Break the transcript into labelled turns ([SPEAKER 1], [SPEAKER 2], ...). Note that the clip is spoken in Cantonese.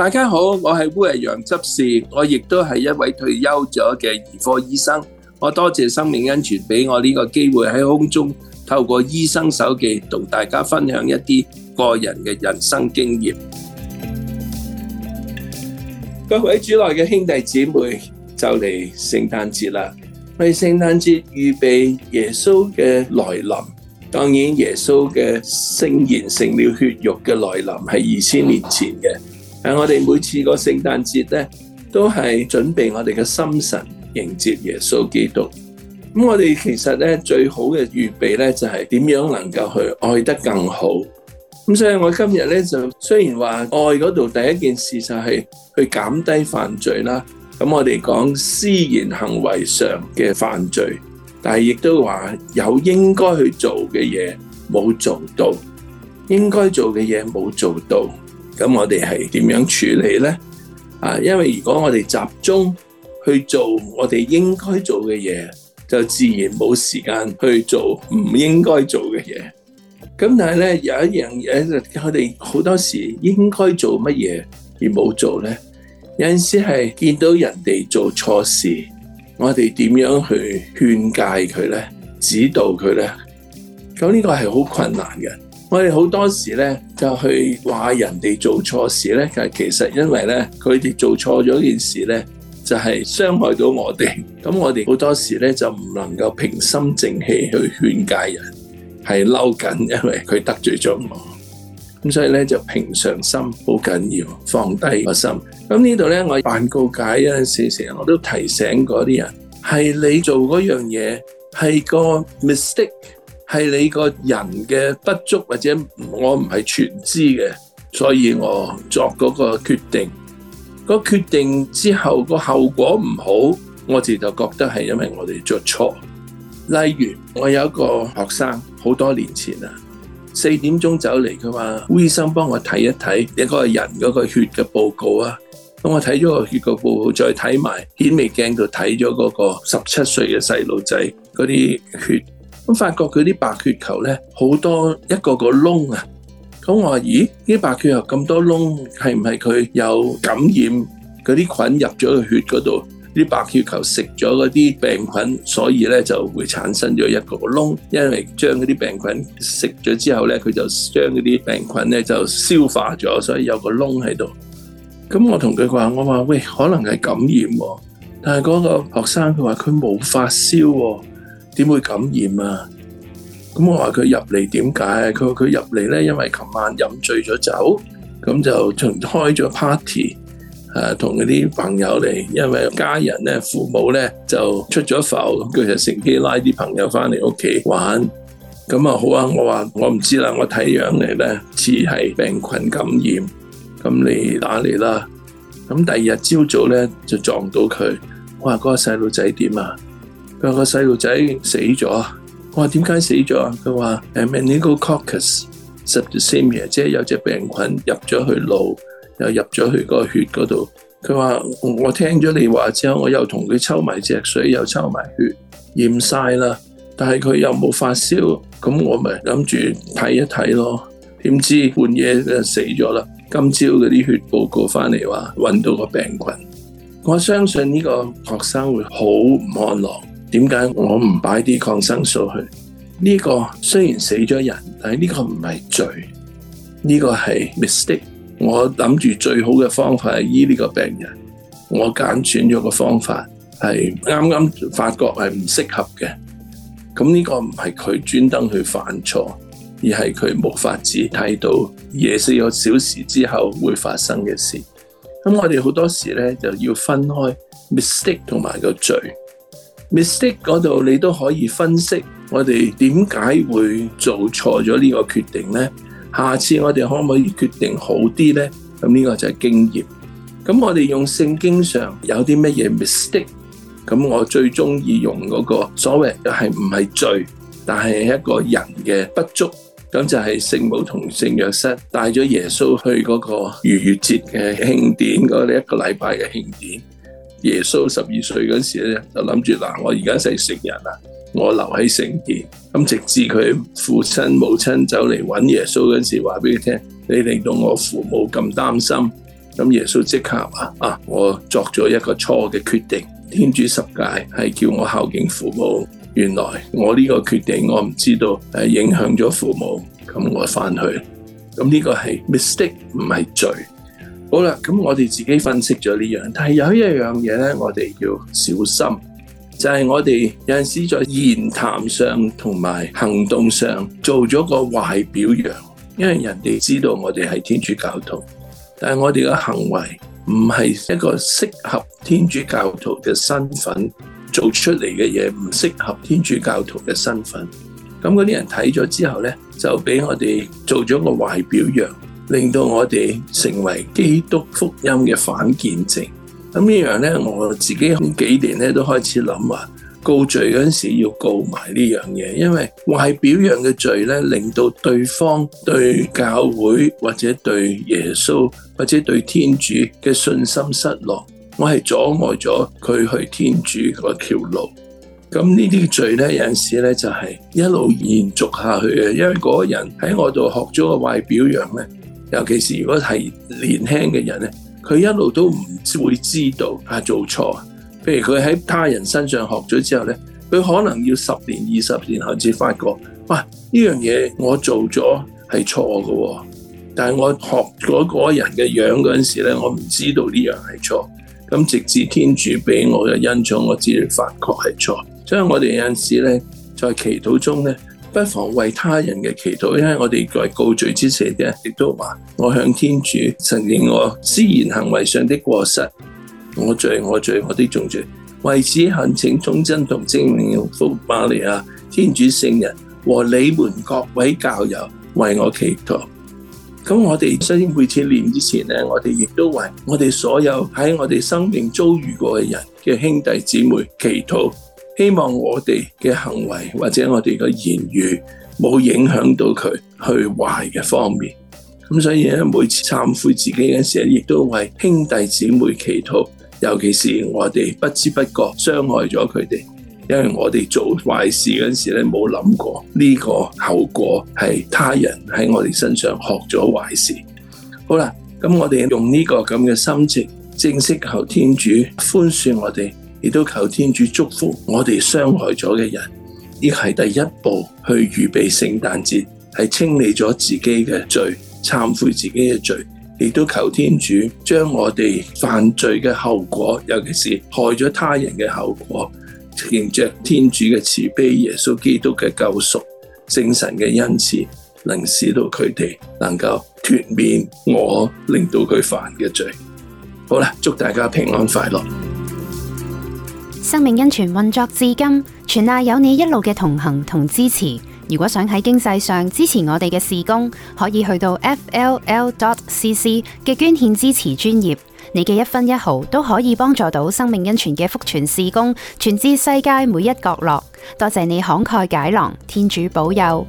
[SPEAKER 1] 大家好，我係烏羊執事，我亦都係一位退休咗嘅兒科醫生。我多謝生命恩泉俾我呢個機會喺空中透過醫生手記同大家分享一啲個人嘅人生經驗。各位主內嘅兄弟姊妹，就嚟聖誕節啦，為聖誕節預備耶穌嘅來臨。當然耶穌嘅聖言成了血肉嘅來臨，係二千年前嘅。誒，我哋每次個聖誕節咧，都係準備我哋嘅心神迎接耶穌基督。咁我哋其實咧，最好嘅預備咧就係點樣能夠去愛得更好。咁所以我今日咧就雖然話愛嗰度第一件事就係去減低犯罪啦。咁我哋講思言行為上嘅犯罪，但係亦都話有應該去做嘅嘢冇做到，應該做嘅嘢冇做到。咁我哋係點樣處理呢？啊，因為如果我哋集中去做我哋應該做嘅嘢，就自然冇時間去做唔應該做嘅嘢。咁但係咧有一樣嘢，我哋好多時應該做乜嘢而冇做呢？有陣時係見到人哋做錯事，我哋點樣去勸誡佢呢？指導佢呢？咁呢個係好困難嘅。我哋好多時咧就去話人哋做錯事咧，就其實因為咧佢哋做錯咗件事咧，就係傷害到我哋。咁我哋好多時咧就唔能夠平心靜氣去勸戒人，係嬲緊，因為佢得罪咗我。咁所以咧就平常心好緊要，放低個心。咁呢度咧我辦告解有陣時，成日我都提醒嗰啲人，係你做嗰樣嘢係個 mistake。係你個人嘅不足，或者我唔係全知嘅，所以我作嗰個決定。個決定之後個後果唔好，我自然就覺得係因為我哋做錯。例如我有一個學生好多年前啊，四點鐘走嚟佢話，巫醫生幫我睇一睇你個人嗰個血嘅報告啊。咁我睇咗個血嘅報告，再睇埋顯微鏡度睇咗嗰個十七歲嘅細路仔嗰啲血。咁發覺佢啲白血球咧好多一個個窿啊！咁我話：咦，啲白血球咁多窿，係唔係佢有感染？嗰啲菌入咗個血嗰度，啲白血球食咗嗰啲病菌，所以咧就會產生咗一個個窿。因為將嗰啲病菌食咗之後咧，佢就將嗰啲病菌咧就消化咗，所以有個窿喺度。咁我同佢話：我話喂，可能係感染啊，但係嗰個學生佢話佢冇發燒啊。點會感染啊？咁我話佢入嚟點解？佢話佢入嚟咧，因為琴晚飲醉咗酒，咁就仲開咗 party，誒，同嗰啲朋友嚟。因為家人咧，父母咧就出咗埠，咁佢就乘機拉啲朋友翻嚟屋企玩。咁啊好啊，我話我唔知啦，我睇樣嚟咧似係病菌感染。咁你打嚟啦。咁第二日朝早咧就撞到佢。我話嗰個細路仔點啊？佢個細路仔死咗，我話點解死咗？佢話 meningococcal septicaemia，即係有隻病菌入咗去腦，又入咗去個血嗰度。佢話我聽咗你話之後，我又同佢抽埋隻水，又抽埋血驗晒喇，但係佢又冇發燒，咁我咪諗住睇一睇咯。點知半夜就死咗啦。今朝嗰啲血報告返嚟話揾到個病菌，我相信呢個學生會好唔安樂。點解我唔擺啲抗生素去？呢個雖然死咗人，但係呢個唔係罪，呢個係 mistake。我諗住最好嘅方法係醫呢個病人，我揀選咗個方法係啱啱發覺係唔適合嘅。咁呢個唔係佢專登去犯錯，而係佢無法子睇到廿四個小時之後會發生嘅事。咁我哋好多時呢，就要分開 mistake 同埋個罪。mistake 嗰度你都可以分析我哋點解會做錯咗呢個決定呢？下次我哋可唔可以決定好啲呢？咁呢個就係經驗。咁我哋用聖經上有啲乜嘢 mistake？咁我最中意用嗰個所謂係唔係罪，但係一個人嘅不足。咁就係聖母同聖約瑟帶咗耶穌去嗰個逾越節嘅慶典，嗰啲一個禮拜嘅慶典。那個耶穌十二歲嗰時候就諗住嗱，我而家係成人啦，我留喺聖殿。」咁直至佢父親母親走嚟揾耶穌嗰時候，話俾佢聽：你令到我父母咁擔心。咁耶穌即刻話、啊、我作咗一個錯嘅決定。天主十戒係叫我孝敬父母。原來我呢個決定我唔知道影響咗父母。咁我返去。咁呢個係 mistake，唔係罪。好啦，咁我哋自己分析咗呢樣，但係有一樣嘢咧，我哋要小心，就係我哋有陣時在言談上同埋行動上做咗個壞榜樣，因為人哋知道我哋係天主教徒，但係我哋嘅行為唔係一個適合天主教徒嘅身份做出嚟嘅嘢，唔適合天主教徒嘅身份，咁嗰啲人睇咗之後咧，就俾我哋做咗個壞榜樣。令到我哋成為基督福音嘅反見證。咁呢樣呢，我自己幾年咧都開始諗話告罪嗰陣時要告埋呢樣嘢，因為壞表揚嘅罪呢，令到對方對教會或者對耶穌或者對天主嘅信心失落，我係阻礙咗佢去天主嗰條路。咁呢啲罪呢，有陣時呢就係一路延續下去嘅，因為嗰個人喺我度學咗個壞表揚呢。尤其是如果係年輕嘅人咧，佢一路都唔會知道啊做錯。譬如佢喺他人身上學咗之後咧，佢可能要十年二十年後至發覺，喂，呢樣嘢我做咗係錯嘅。但係我學咗嗰個人嘅樣嗰陣時咧，我唔知道呢樣係錯。咁直至天主俾我嘅恩寵，我先發覺係錯。所以我哋有陣時咧，在祈禱中咧。不妨為他人嘅祈禱，因為我哋在告罪之前呢，亦都話，我向天主承認我思言行為上的過失，我罪我罪我的重罪，為此懇請忠貞同聖母瑪利亞、天主聖人和你們各位教友為我祈禱。咁我哋所以每次念之前呢，我哋亦都為我哋所有喺我哋生命遭遇過嘅人嘅兄弟姐妹祈禱。希望我哋嘅行為或者我哋嘅言語冇影響到佢去壞嘅方面，咁所以每次懺悔自己嗰時，亦都為兄弟姐妹祈禱，尤其是我哋不知不覺傷害咗佢哋，因為我哋做壞事嗰時咧冇諗過呢個後果係他人喺我哋身上學咗壞事。好啦，咁我哋用呢個咁嘅心情，正式求天主寬恕我哋。亦都求天主祝福我哋傷害咗嘅人，亦係第一步去預備聖誕節，係清理咗自己嘅罪，懺悔自己嘅罪，亦都求天主將我哋犯罪嘅後果，尤其是害咗他人嘅後果，迎着天主嘅慈悲，耶穌基督嘅救贖，聖神嘅恩賜，能使到佢哋能夠脫免我令到佢犯嘅罪。好啦，祝大家平安快樂。生命恩泉運作至今，全賴有你一路嘅同行同支持。如果想喺經濟上支持我哋嘅事工，可以去到 fll.cc 嘅捐獻支持專頁。你嘅一分一毫都可以幫助到生命恩泉嘅福傳事工，傳至世界每一角落。多謝你慷慨解囊，天主保佑。